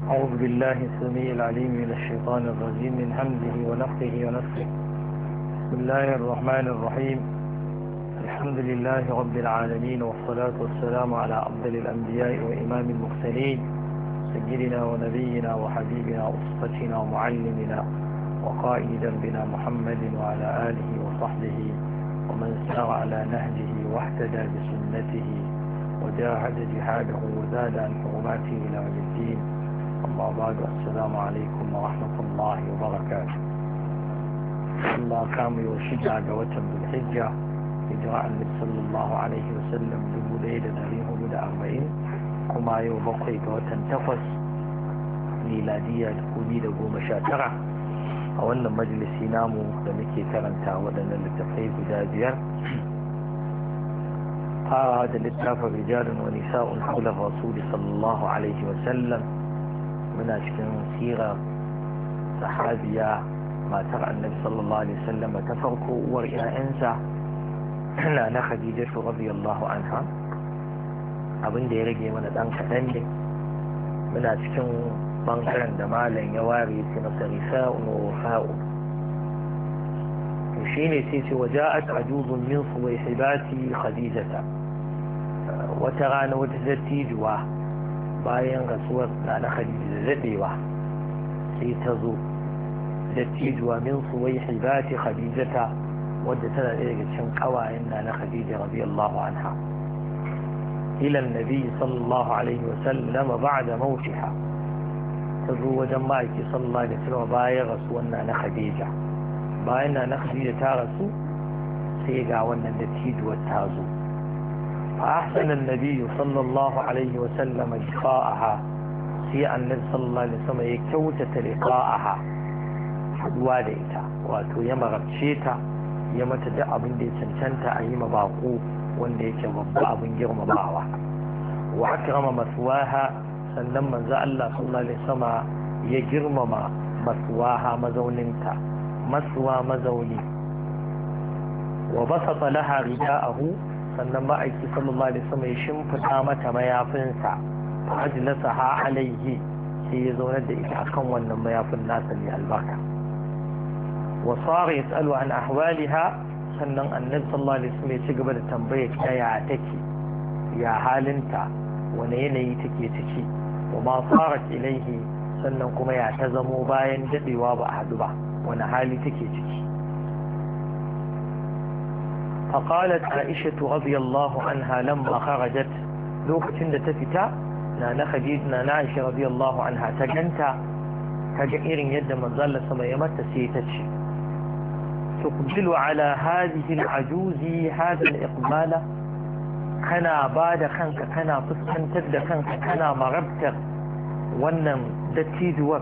أعوذ بالله السميع العليم من الشيطان الرجيم من حمده ونفقه ونفقه بسم الله الرحمن الرحيم الحمد لله رب العالمين والصلاة والسلام على أفضل الأنبياء وإمام المرسلين سيدنا ونبينا وحبيبنا وأسرتنا ومعلمنا وقائد ذنبنا محمد وعلى آله وصحبه ومن سار على نهجه واهتدى بسنته وجاهد جهاده وزاد عن حرماته إلى الدين أما بعد السلام عليكم ورحمة الله وبركاته الله كام يوشجع جوتا بالحجة إجراء النبي صلى الله عليه وسلم لبليل نبيه بدا أربعين كما يوبقي جوتا تقس ميلادية لقديدة قوم شاترة أولا مجلس ينامو لمكي ترنتا ودن التقريب جازيا قال هذا الاتفاق رجال ونساء حول الرسول صلى الله عليه وسلم muna cikin sirar sahabiya matar annabi sallallahu alaihi wasallam ta farko uwar 'ya'yansa na na khadija radiyallahu anha abin da ya rage mana dan kaɗan ne muna cikin bangaren da malam ya ware sai masa rifa'un wa wafa'un to shine sai ce waja'at ajuzun min suwaihibati khadijata wata rana wata dattijuwa bayan rasuwar na khadija da daɗewa sai ta zo da tijuwa min suwai hibati khadijata wadda tana ɗaya daga cikin ƙawayen na na khadija radiyallahu anha ila nabi sallallahu alaihi wa sallam ba'da mawtiha ta zo wajen ma'aiki sallallahu alaihi wa bayan rasuwar na na khadija bayan na na khadija ta rasu sai ga wannan da tijuwar ta zo فأحسن النبي صلى الله عليه وسلم لقاءها في النبي صلى الله عليه وسلم يكوتة لقاءها haduwa da ita wato ya marabce ta ya mata duk abin da ya cancanta a yi mabako wanda yake babba abin girmamawa wa akrama maswaha sannan manzo Allah sallallahu sama ya girmama maswaha mazauninta maswa mazauni wa basata laha rida'ahu sannan ma'aiki sallallahu alaihi wasallam ya shimfiɗa mata mayafinsa fa ajlasaha alaihi sai ya zaunar da ita akan wannan mayafin nasa mai albarka wa sara yasalu an ahwaliha sannan annabi sallallahu alaihi wasallam ya ci gaba da tambayar ta ya take ya halinta wani yanayi take ciki wa ma sarat ilaihi sannan kuma ya ta zamo bayan dadewa ba a haɗu ba wani hali take ciki فقالت عائشة رضي الله عنها لما خرجت لوكة تفتا نانا خديجة نانا عائشة رضي الله عنها تجنتا تجئر يد من ظل سميمة سيتش تقبل على هذه العجوز هذا الإقبال كنا بعد خنك كنا فسكن تبدا خنك كنا مربتر ونم دتيدور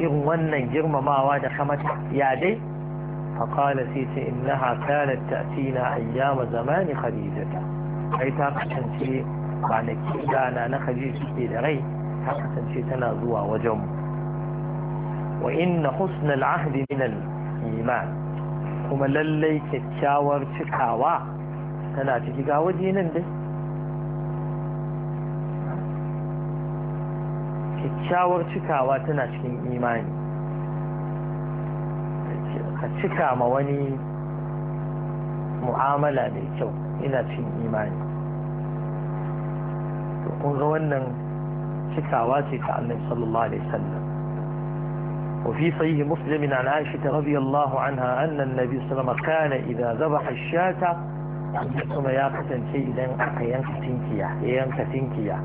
إن ونن جرم ما واد خمت يا دي فقال سيت إنها كانت تأتينا أيام زمان خديجة أي تاقشن شيء معنى كيدانا نخديجة إلى غي تاقشن شيء تنازوا وجم وإن حسن العهد من الإيمان kuma lallai kyakkyawar cikawa tana ciki ga waje nan dai kyakkyawar cikawa tana cikin imani ka cika ma wani mu'amala mai kyau ina cin imani to kun ga wannan cikawa ce ta annabi sallallahu alaihi wasallam وفي صحيح مسلم عن عائشة رضي الله عنها أن النبي صلى الله عليه وسلم كان إذا ذبح الشاة ثم يقتل شيء إذا ينكتنكيا تنكيا ينكتنكيا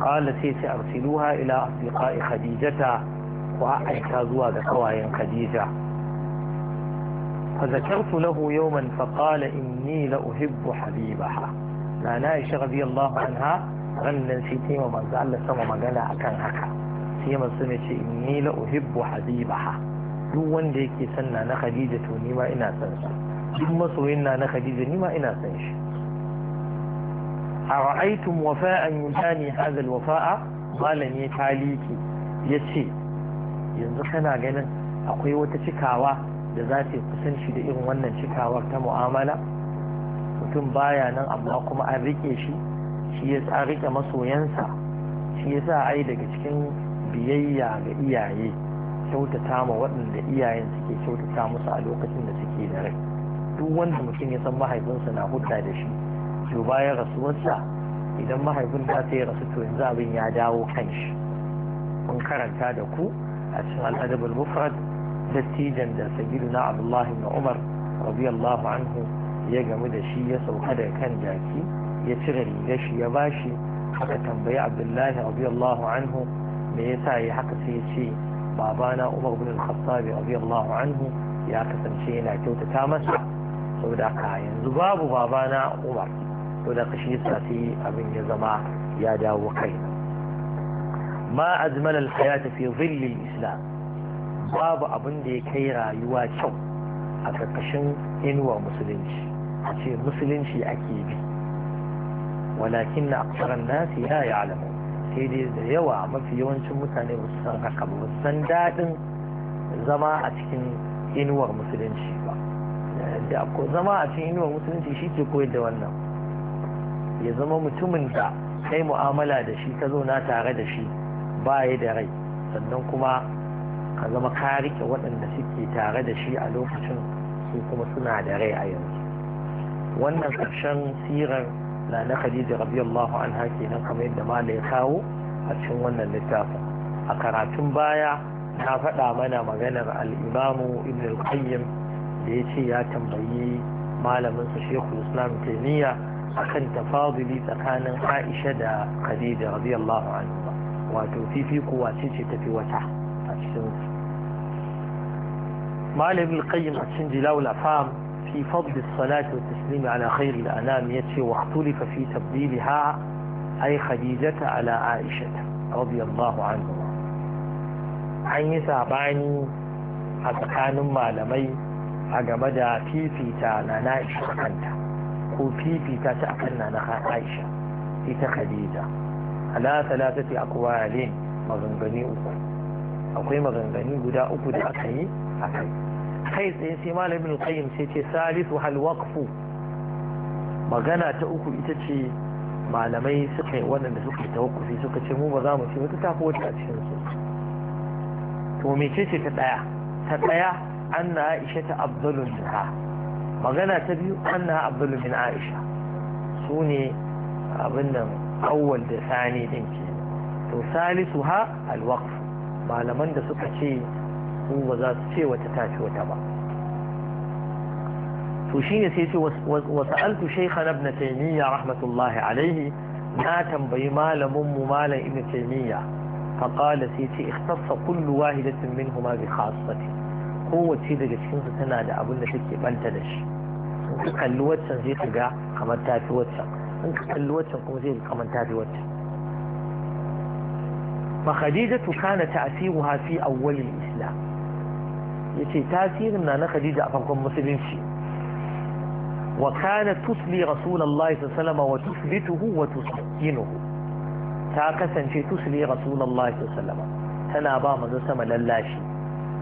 قال سيتي أرسلوها إلى أصدقاء خديجة وأعيكا زواج قوايا خديجة فذكرت له يوما فقال إني لأحب حبيبها لا نائشة رضي الله عنها غنى سيتي وما زال سما مغانا أكان هكا سيما سمش إني لأحب حبيبها duk wanda yake sanna na Khadija to ni ma ina san shi duk masoyin na na Khadija ni ma ina san shi ara'aytum wafa'an yutani hadha malami taliki yace yanzu kana ganin akwai wata cikawa da za ta kusanci da irin wannan cikawar ta mu'amala mutum baya nan amma kuma an rike shi shi ya sa rike masoyansa shi ya sa ai daga cikin biyayya ga iyaye kyautata ma waɗanda iyayen suke kyautata musu a lokacin da suke da rai duk wanda mutum ya san mahaifinsa na hudda da shi to bayan rasuwarsa idan mahaifin ta sai rasu to yanzu abin ya dawo kan shi mun karanta da ku a cikin al'adabul mufrad dattijan da sabiru na abdullahi na umar radiyallahu anhu ya gamu da shi ya sauka da kan jaki ya cire rigar shi ya bashi aka tambayi abdullahi radiyallahu anhu me yasa ya haka sai ya ce babana umar bin al-khattab radiyallahu anhu ya kasance yana kyautata masa saboda ka yanzu babu babana umar saboda ka yasa sai abin ya zama ya dawo kai ma azmal al-hayat fi dhill babu abin da ya kai rayuwa kyau a ƙarƙashin inuwar musulunci a ce musulunci ake bi walakin na aksaran nasi ya yi alamu sai dai da yawa mafi yawancin mutane ba su san haka ba san daɗin zama a cikin inuwar musulunci ba da zama a cikin inuwar musulunci shi ke koyar da wannan ya zama mutumin da kai mu'amala da shi ka zauna tare da shi ba ya da rai sannan kuma ka zama ka rike waɗanda suke tare da shi a lokacin su kuma suna da rai a yanzu wannan ƙarshen sirar na na khadija rabiyallahu anha kenan kamar yadda mala ya kawo a cikin wannan littafin a karatun baya na faɗa mana maganar al'imamu ibn al-qayyim da ya ce ya tambayi malamin su shekul islam taimiyya akan tafaduli tsakanin aisha da khadija radiyallahu anha wato fifiko wace ce tafi wata malamin alƙayyim a cikin jilawul afam fi fadli salati wa taslimi ala khairi al'anam ya ce wa ikhtulifa fi tabdiliha ay khadijata ala aisha radiyallahu anhu an yi sabani a tsakanin malamai a game da fifita na na'isha kanta ko fifita ta akan na aisha ita khadija ala salatati aqwalin maganganu uku akwai maganganu guda uku da aka yi a kai kai tsaye sai malamin ibn sai ce salisu hal magana ta uku ita ce malamai suka yi da suka yi tawakkufi suka ce mu ba za mu ce wata ta tafi wata a cikin su to mece ce ta ɗaya ta ɗaya anna aisha ta abdulun minha magana ta biyu anna abdulun min aisha su ne abin nan awwal da sani din ke to salisu ha alwaqf malaman da suka ce su ba za su ce wata tashi wata ba to shine sai ce wa sa'altu shaykhan ibn taymiya rahmatullahi alayhi na tambayi malamin mu malam ibn taimiyya fa qala sai ce ikhtassa kullu wahidatin minhuma bi khassati kowace daga cikin su tana da abin da take banta da shi in ka kalli waccan zai ka ga kamar tafi waccan in ka kalli waccan kuma zai kamar tafi waccan فخديجة كان تأثيرها في أول الإسلام يتي تأثير من خديجة أفركم مسلم شيء وكانت تسلي رسول الله صلى الله عليه وسلم وتثبته وتسكنه تاكسا شيء تسلي رسول الله صلى الله عليه وسلم تنا با مزا سما للاشي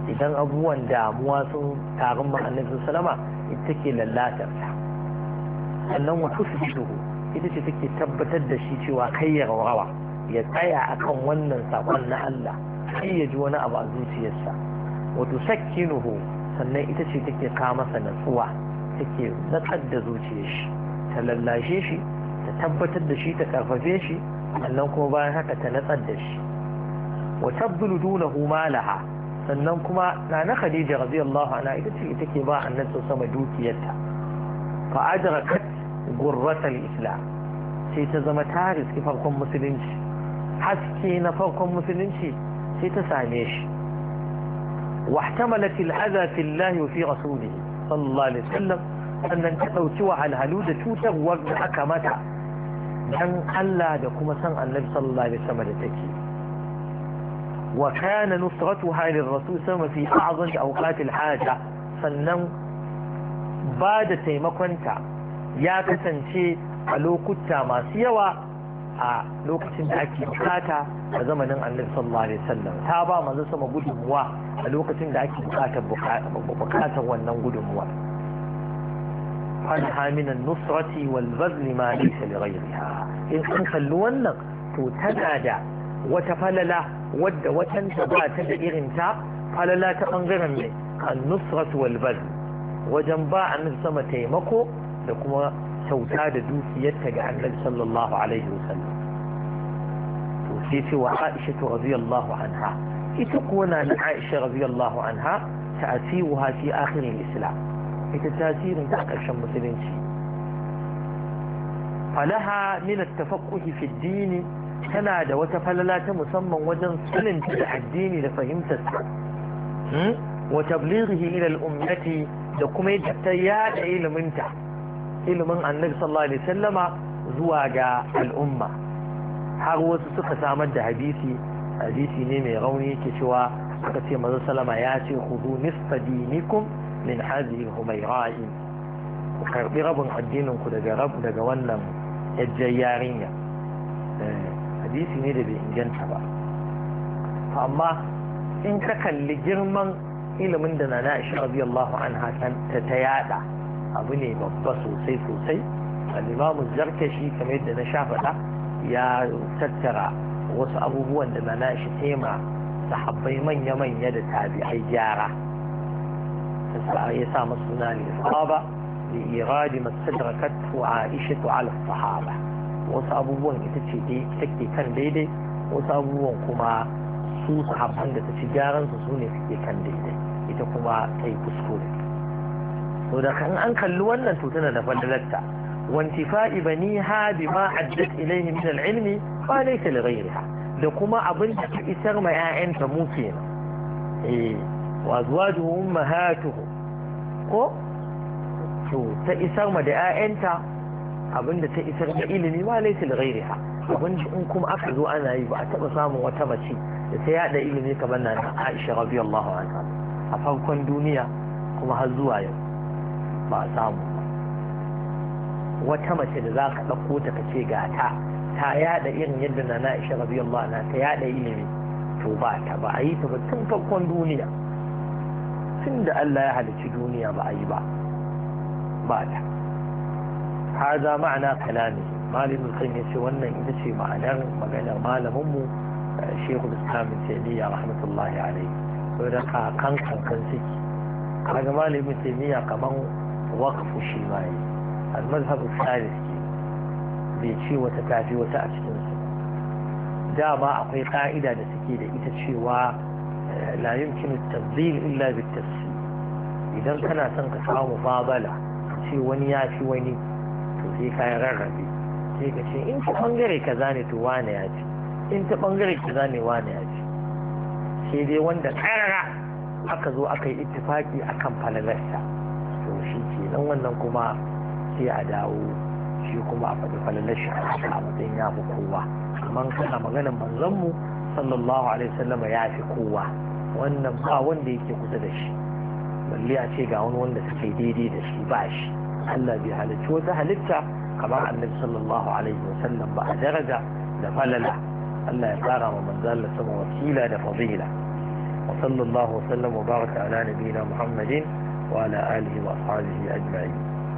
idan abubuwan damuwa sun tarin ma'anin salama ita take lallatar ta sannan wa tusbihu ita ce take tabbatar da shi cewa kai ya rawawa ya tsaya a kan wannan saƙon na Allah sai ya ji wani abu a zuciyarsa wato sakkinuhu sannan ita ce take kawo masa natsuwa take natsar da zuciyar shi ta lallashe shi ta tabbatar da shi ta karfafe shi sannan kuma bayan haka ta natsar da shi wa tabdulu dunahu malaha sannan kuma na na Khadija radiyallahu anha ita ce ita ke ba annabi sama dukiyarta fa adrakat gurratal islam sai ta zama ta farkon musulunci haske na farkon musulunci sai ta same shi واحتملت الأذى في الله وفي رسوله صلى الله عليه وسلم أن تدوتوا على الهلودة توتر والحكمة أن ألا دكما سن النبي صلى الله عليه وسلم لتكي وكان نصرتها للرسول صلى الله عليه وسلم في أعظم أوقات الحاجة sannan ba da taimakonta ya kasance a lokuta masu yawa a lokacin da ake bukata a zamanin annabi sallallahu alaihi wasallam ta ba manzo sama gudunmuwa a lokacin da ake bukatar bukatar wannan gudunmuwa fanha min an-nusrati wal bazl ma laysa li ghayriha in kun kalli wannan to tana da wata falala wadda watan ta ba ta da irin ta falala ta bangaren ne an Nusrat wal bazl wajen ba annabi sama taimako da kuma kyauta da dukiyarta ga annabi sallallahu alaihi wasallam to sai wa Aisha radiyallahu anha ita kuwa na Aisha radiyallahu anha ta'asiruha fi akhirin islam ita tasirin ta ƙarshen musulunci falaha min at-tafaqquhi fi ad-din tana da wata falala ta musamman wajen sanin da addini da fahimtar sa hmm? wa tablighihi ila al-ummati da kuma yadda ta yada iliminta ilimin annabi sallallahu alaihi wasallama zuwa ga al'umma har wasu suka samar da hadisi hadisi ne mai rauni yake cewa suka ce manzo sallama ya ce khudu nisfa dinikum min hadhihi al-humayra'i ku karbi rabin addinin ku daga rab daga wannan yajjar yarinya eh, hadisi ne da bai inganta ba amma in ka kalli girman ilimin da nana Aisha radiyallahu anha ta yada abu ne babba sosai sosai al'imamu zarkashi kamar yadda na sha faɗa ya tattara wasu abubuwan da na shi tema sahabbai manya-manya da tabi'ai gyara ya sa masu suna ne sahaba da iradi masu a ishatu ala sahaba wasu abubuwan ita ce take kan daidai wasu abubuwan kuma su sahabban da ta ci gyaran su ne suke kan daidai ita kuma ta yi kuskure to da kan an kalli wannan to tana da falalarta wantifa'i baniha bima addat ilayhi min al-ilmi fa laysa li ghayriha da kuma abin da ta isar ma 'ya'yanta muke na eh wa azwajuhum ummahatuhum ko to ta isar ma da 'ya'yanta abin da ta isar da ilimi ma laysa li ghayriha abin in kuma aka zo ana yi ba a taba samun wata mace da ta yada ilimi kamar na Aisha radiyallahu anha a farkon duniya kuma har zuwa yau ba a samu wata mace da za ka ɗauko ta ka ce gata ta yada irin yadda na na isha rabiyar na ta yada ilimi to ba ta ba a yi ta ba tun farkon duniya tun da Allah ya halicci duniya ba a yi ba ba ta haza ma'ana kalami malamin kan ya ce wannan ita ce ma'anar maganar malaminmu eh, shehu islamin taimiyya rahmatullahi alaihi saboda kakan kankan suke kaga malamin taimiyya kamar waqfu shi ma yi al-mazhab al-thalith bai ce wata tafi wata a cikin su dama akwai ka'ida da suke da ita cewa la yumkinu at illa bi tafsil idan kana son ka samu mubabala ce wani ya fi wani to sai ka rarrabe sai ka ce in ta bangare kaza ne to wane ya ce in ta bangare kaza ne wane ya ce sai dai wanda karara aka zo aka yi ittifaki akan falalarsa to shi ke nan wannan kuma sai a dawo shi kuma a faɗi na shi a matsayin ya fi kowa amma kana maganar manzanmu sallallahu alaihi wasallama ya fi kowa wannan ba wanda yake kusa da shi balle a ce ga wani wanda suke daidai da shi ba shi Allah bai halicci wata halitta kamar annabi sallallahu alaihi wasallam ba a daraja da falala Allah ya tsara wa manzo Allah sama wakila da fadila wasallallahu sallallahu wa sallam wa baraka ala Muhammadin وعلى آله وأصحابه أجمعين